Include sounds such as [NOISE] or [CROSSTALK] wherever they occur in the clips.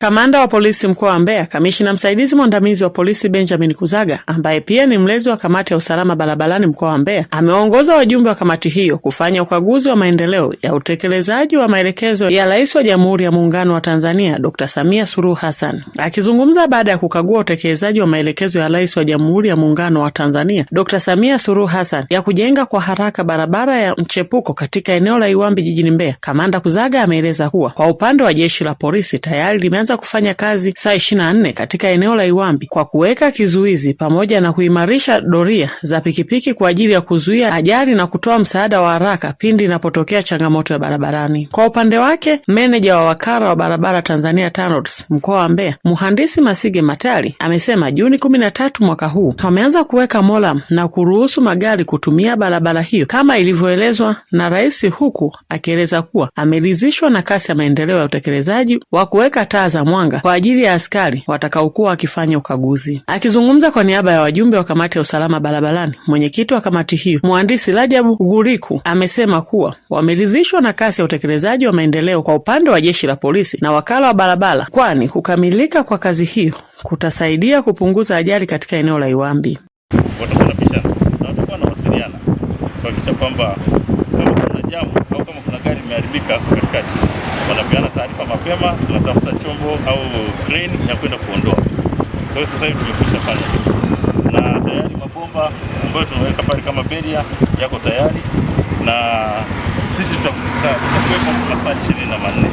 Kamanda wa polisi mkoa wa Mbeya, kamishina msaidizi mwandamizi wa polisi Benjamin Kuzaga, ambaye pia ni mlezi wa kamati ya usalama barabarani mkoa wa Mbeya, amewaongoza wajumbe wa kamati hiyo kufanya ukaguzi wa maendeleo ya utekelezaji wa maelekezo ya Rais wa Jamhuri ya Muungano wa Tanzania Dr. Samia Suluhu Hassan. Akizungumza baada ya kukagua utekelezaji wa maelekezo ya Rais wa Jamhuri ya Muungano wa Tanzania Dr. Samia Suluhu Hassan ya kujenga kwa haraka barabara ya mchepuko katika eneo la Iwambi jijini Mbeya, kamanda Kuzaga ameeleza kuwa kwa upande wa jeshi la polisi tayari imeanza kufanya kazi saa 24 katika eneo la Iwambi kwa kuweka kizuizi pamoja na kuimarisha doria za pikipiki kwa ajili ya kuzuia ajali na kutoa msaada wa haraka pindi inapotokea changamoto ya barabarani. Kwa upande wake, meneja wa wakala wa barabara Tanzania TANROADS mkoa wa Mbeya, mhandisi Masige Matali amesema Juni 13 mwaka huu wameanza kuweka moram na kuruhusu magari kutumia barabara hiyo kama ilivyoelezwa na rais, huku akieleza kuwa ameridhishwa na kasi ya maendeleo ya utekelezaji wa kuweka taa za mwanga kwa ajili ya askari watakaokuwa wakifanya ukaguzi. Akizungumza kwa niaba ya wajumbe wa kamati ya usalama barabarani, mwenyekiti wa kamati hiyo mhandisi Rajabu Guriku amesema kuwa wameridhishwa na kasi ya utekelezaji wa maendeleo kwa upande wa jeshi la polisi na wakala wa barabara, kwani kukamilika kwa kazi hiyo kutasaidia kupunguza ajali katika eneo la Iwambi. Watakuwa na watakuwa na wasiliana kuhakikisha kwamba kama kuna jamu au kama kuna imeharibika katikati, wanapeana taarifa mapema, tunatafuta chombo au crane ya kwenda kuondoa. Kwa hiyo sasa hivi tumekwisha fanya na tayari mabomba ambayo tunaweka pale kama beria yako tayari, na sisi tutakuwepo masaa ishirini na manne.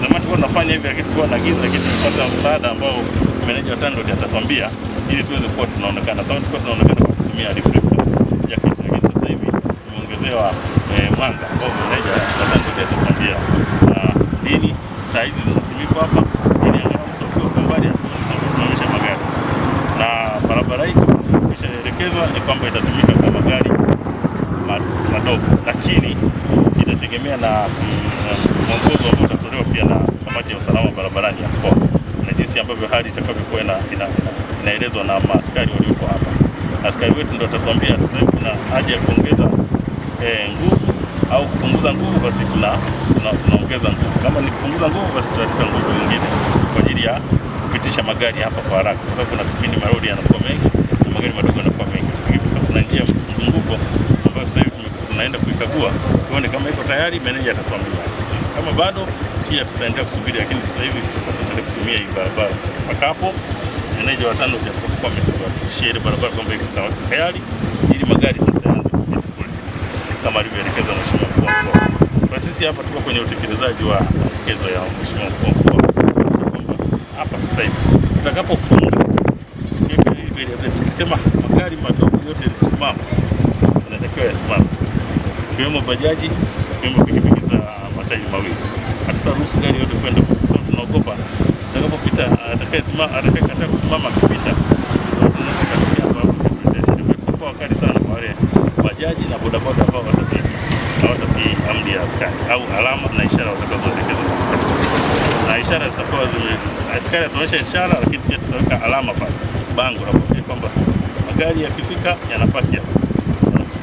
Zamani tulikuwa tunafanya hivi, lakini tulikuwa giza, lakini tumepata msaada ambao meneja wa TANROADS atatwambia ili tuweze kuwa tunaonekana. Sasa tulikuwa tunaonekana kwa kutumia reflector ya kitu, lakini sasa hivi tumeongezewa eh, Mwanga kwa meneja wa Tanzania atakwambia nini. Taa hizi zinasimikwa hapa ili angalau mtu akiwa kwa mbali kusimamisha magari, na barabara hii imeshaelekezwa ni kwamba itatumika kwa magari madogo, lakini itategemea mm, na mwongozo ambao utatolewa pia na kamati ya usalama barabarani ya mkoa na jinsi ambavyo hali itakavyokuwa inaelezwa na maaskari walioko hapa. Askari wetu ndio atatuambia sasa kuna haja ya kuongeza eh, nguvu au kupunguza nguvu, basi tunaongeza tuna, nguvu. Kama ni kupunguza nguvu, basi tunatia nguvu nyingine kwa ajili ya kupitisha magari hapa kwa haraka, kwa sababu kuna kipindi maroli yanakuwa mengi na magari madogo yanakuwa mengi. Sasa kuna njia mzunguko ambayo sasa hivi tunaenda kuikagua tuone kama iko tayari. Meneja atatuambia kama bado, pia tutaendelea kusubiri, lakini sasa hivi tutaendelea kutumia hii barabara mpaka hapo meneja watano ametuhakikishia ile barabara kwamba iko tayari ili magari sasa sisi hapa tuko kwenye utekelezaji wa maelekezo ya Mheshimiwa Mkuu wa Mkoa hapa sasa hivi tutakapofunga beria zetu, tukisema magari madogo yote kusimama yanatakiwa yasimame, ikiwemo bajaji, ikiwemo pikipiki za matairi mawili. Hatutaruhusu gari yote kwenda kwa sababu tunaogopa atakapopita, atakayekataa atakaye kusimama akipita kwa wakali sana kwa wale bajaji na bodaboda ambao hawatatii amri ya askari au alama na ishara watakazoelekezwa na askari, na ishara zitakuwa zime askari ataonyesha ishara, lakini pia tutaweka alama pale bango la kuonyesha kwamba magari yakifika yanapaki hapa,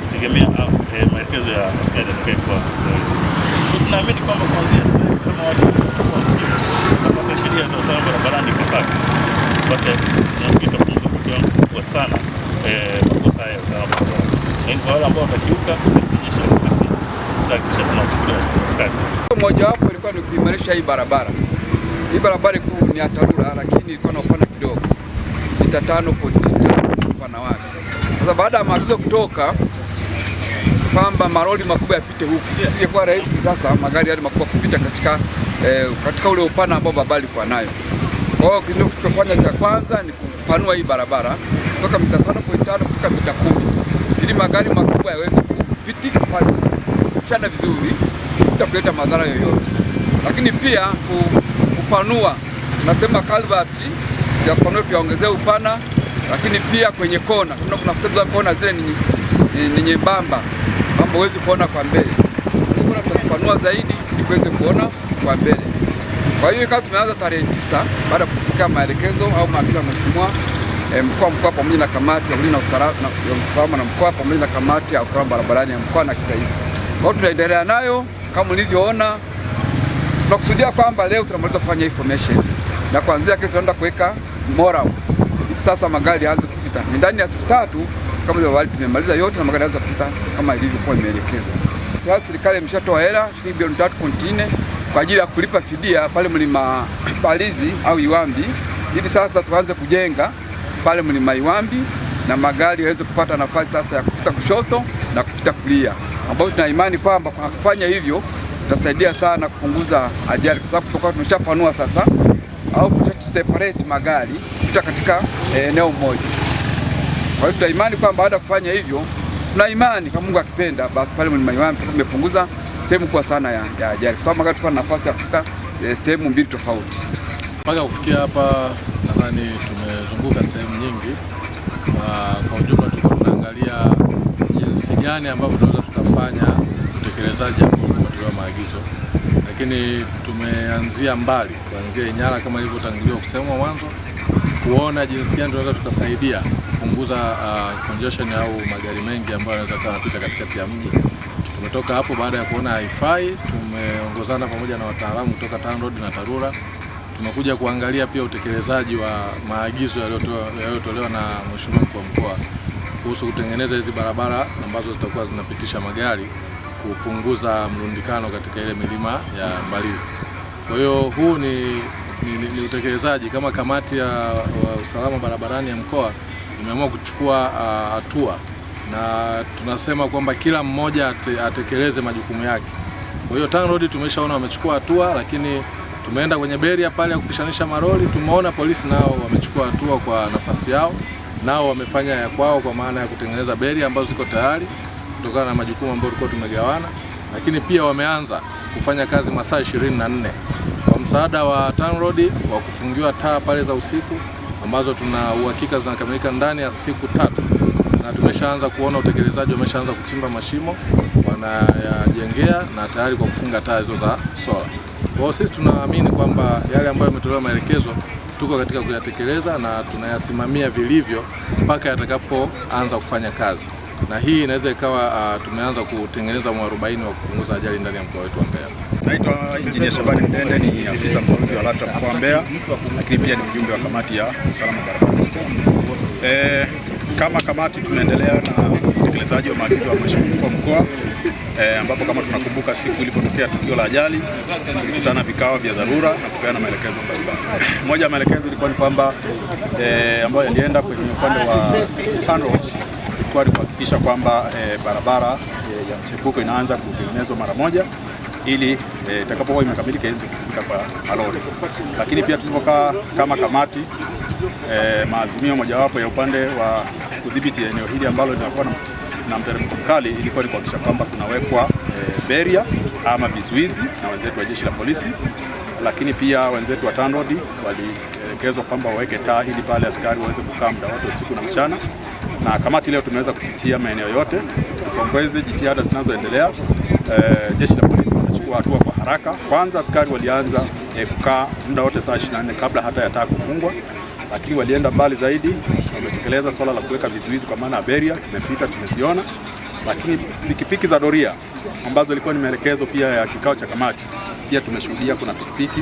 kutegemea ah, eh, maelekezo ya askari atakayekuwa. Tunaamini kwamba kuanzia sasa kama watu wasikivu kwa sheria za usalama barabarani kwa sasa, basi tunafikiri tutapunguza kwa kiwango kikubwa sana eh, makosa haya ya usalama barabarani, na kwa wale ambao watakiuka sisi jeshi tutahakikisha tunawachukulia mojawapo ilikuwa ni kuimarisha hii barabara. Hii barabara kuu ni ya TARURA, lakini ilikuwa na upana kidogo mita tano upana wake. Sasa baada ya maagizo kutoka kwamba maroli makubwa yapite huku, isingekuwa rahisi sasa magari yale makubwa kupita katika, eh, katika ule upana ambao barabara ilikuwa nayo. Kwa hiyo kilichofanya cha kwanza ni kupanua hii barabara kutoka mita tano kufika mita kumi ili magari makubwa yaweze kupitika pale kushirikiana vizuri bila kuleta madhara yoyote, lakini pia kupanua, tunasema kalvati ya kupanua, tuyaongezee upana, lakini pia kwenye kona, kuna kuna kona zile ni nyembamba ambapo huwezi kuona kwa mbele, kuna tutapanua zaidi ili kuweze kuona kwa mbele. Kwa hiyo kama tumeanza tarehe tisa baada ya kufika maelekezo au maagizo ya mheshimiwa e, eh, mkoa mkoa pamoja na kamati ya ulinzi na usalama na mkoa pamoja na kamati ya usalama barabarani ya mkoa na kitaifa ambayo tunaendelea nayo kama mlivyoona. Tunakusudia kwamba leo tunamaliza kufanya information na kuanzia kesho tunaenda kuweka moral, sasa magari yaanze kupita ni ndani ya siku tatu kama awali tumemaliza yote na magari yaanze kupita kama ilivyokuwa imeelekezwa. Sasa serikali imeshatoa hela shilingi bilioni tatu kontine kwa ajili ya kulipa fidia pale mlima Palizi au Iwambi. Hivi sasa tuanze kujenga pale mlima Iwambi na magari yaweze kupata nafasi sasa ya kupita kushoto na kupita kulia ambayo tuna imani kwamba kwa kufanya hivyo tutasaidia sana kupunguza ajali, kwa sababu tutakuwa tumeshapanua sasa au separate magari kuta katika eh, eneo moja. Kwa hiyo tuna imani kwamba baada ya kufanya hivyo, tuna imani kama Mungu akipenda, basi pale Mlima Iwambi tumepunguza sehemu kubwa sana ya, ya ajali, kwa sababu magari na nafasi ya kufika e, sehemu mbili tofauti. Mpaka kufikia hapa nadhani tumezunguka sehemu nyingi, ah, kwa ujumla tulikuwa tunaangalia jinsi gani ambavyo tunaweza kufanya utekelezaji wa maagizo, lakini tumeanzia mbali, kuanzia inyara kama ilivyotanguliwa kusema mwanzo, kuona jinsi gani tunaweza tukasaidia kupunguza uh, congestion au magari mengi ambayo yanaweza kuwa yanapita katikati ya mji. Tumetoka hapo baada ya kuona haifai, tumeongozana pamoja na wataalamu kutoka TANROADS na TARURA tumekuja kuangalia pia utekelezaji wa maagizo yaliyotolewa na Mheshimiwa Mkuu wa Mkoa kuhusu kutengeneza hizi barabara ambazo zitakuwa zinapitisha magari kupunguza mrundikano katika ile milima ya Mbalizi. Kwa hiyo huu ni, ni, ni, ni utekelezaji kama kamati ya usalama barabarani ya mkoa imeamua kuchukua hatua na tunasema kwamba kila mmoja ate, atekeleze majukumu yake. Kwa hiyo TANROADS tumeshaona wamechukua hatua, lakini tumeenda kwenye beria pale ya kupishanisha maroli, tumeona polisi nao wamechukua hatua kwa nafasi yao nao wamefanya ya kwao, kwa maana ya kutengeneza beri ambazo ziko tayari kutokana na majukumu ambayo tulikuwa tumegawana, lakini pia wameanza kufanya kazi masaa 24 kwa msaada wa TANROADS wa kufungiwa taa pale za usiku ambazo tuna uhakika zinakamilika ndani ya siku tatu, na tumeshaanza kuona utekelezaji, wameshaanza kuchimba mashimo wanayajengea na tayari kwa kufunga taa hizo za sola. Kwa hiyo sisi tunaamini kwamba yale ambayo yametolewa maelekezo tuko katika kuyatekeleza na tunayasimamia vilivyo mpaka yatakapoanza kufanya kazi, na hii inaweza ikawa uh, tumeanza kutengeneza mwarobaini wa kupunguza ajali ndani ya mkoa wetu wa Mbeya. Naitwa Injinia Shabani Mtende, ni afisa mkaguzi wa LATRA mkoa wa Mbeya, lakini pia ni mjumbe wa kamati ya usalama barabarani. Eh, kama kamati tunaendelea na utekelezaji wa maagizo ya mheshimiwa mkuu wa mkoa e, ambapo kama tunakumbuka siku ilipotokea tukio la ajali tulikutana vikao vya dharura na kupeana maelekezo mbalimbali. Moja ya maelekezo ilikuwa ni kwamba e, ambayo yalienda kwenye upande wa TANROADS ilikuwa ni kuhakikisha kwamba e, barabara e, ya mchepuko inaanza kutengenezwa mara moja ili itakapokuwa e, imekamilika ianze kufika kwa malori. Lakini pia tulipokaa kama kamati e, maazimio mojawapo ya upande wa kudhibiti eneo hili ambalo linakuwa na na mteremko mkali, ilikuwa ni kuhakikisha kwamba kunawekwa e, eh, beria ama vizuizi na wenzetu wa jeshi la polisi, lakini pia wenzetu wa TANROADS walielekezwa kwamba waweke taa ili pale askari waweze kukaa muda wote usiku na mchana, na kamati leo tumeweza kupitia maeneo yote. Tupongeze jitihada zinazoendelea. E, jeshi la polisi wanachukua hatua kwa haraka. Kwanza askari walianza e, kukaa muda wote saa 24 kabla hata ya taa kufungwa, lakini walienda mbali zaidi wametekeleza swala la kuweka vizuizi kwa maana ya beria, tumepita tumeziona, lakini pikipiki za doria ambazo ilikuwa ni maelekezo pia ya kikao cha kamati, pia tumeshuhudia kuna pikipiki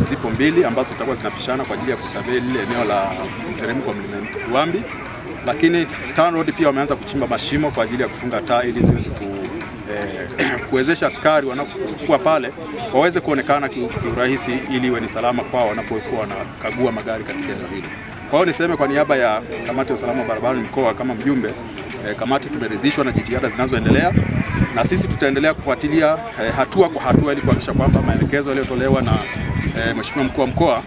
zipo mbili ambazo zitakuwa zinapishana kwa ajili ya kusabei lile eneo la mteremko wa mlima Uambi. Lakini TANROADS pia wameanza kuchimba mashimo kwa ajili ya kufunga taa ili ziweze ku, eh, [CLEARS THROAT] kuwezesha askari wanapokuwa pale waweze kuonekana kiurahisi, ili iwe ni salama kwao wanapokuwa wanakagua magari katika eneo hilo kwa hiyo niseme kwa niaba ya kamati ya usalama barabarani mkoa, kama mjumbe eh, kamati, tumeridhishwa na jitihada zinazoendelea na sisi tutaendelea kufuatilia eh, hatua kwa hatua ili kuhakikisha kwamba maelekezo yaliyotolewa na eh, mheshimiwa mkuu wa mkoa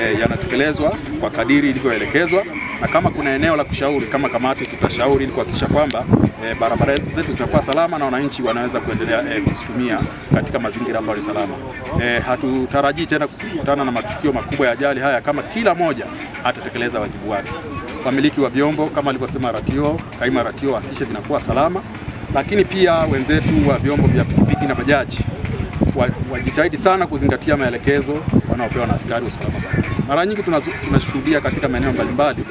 eh, yanatekelezwa kwa kadiri ilivyoelekezwa, na kama kuna eneo la kushauri kama kamati tutashauri ili kuhakikisha kwamba eh, barabara zetu zinakuwa salama na wananchi wanaweza kuendelea eh, kuzitumia katika mazingira ambayo ni salama. Eh, hatutarajii tena kukutana na matukio makubwa ya ajali haya kama kila moja atatekeleza wajibu wake. Wamiliki wa vyombo kama alivyosema Ratio, kaima Ratio, hakikishe vinakuwa salama, lakini pia wenzetu wa vyombo vya pikipiki na bajaji wajitahidi wa sana kuzingatia maelekezo wanaopewa na askari usalama. Mara nyingi tunashuhudia katika maeneo mbalimbali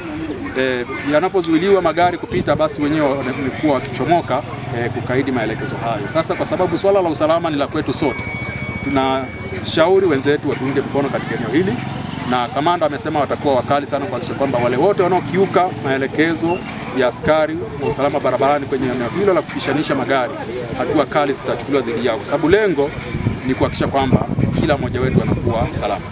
e, yanapozuiliwa magari kupita, basi wenyewe wamekuwa wakichomoka e, kukaidi maelekezo hayo. Sasa kwa sababu swala la usalama ni la kwetu sote, tunashauri wenzetu watuunge mkono katika eneo hili na kamanda amesema watakuwa wakali sana kuhakikisha kwamba wale wote wanaokiuka maelekezo ya askari wa usalama barabarani kwenye eneo hilo la kupishanisha magari, hatua kali zitachukuliwa dhidi yao, kwa sababu lengo ni kuhakikisha kwamba kila mmoja wetu anakuwa salama.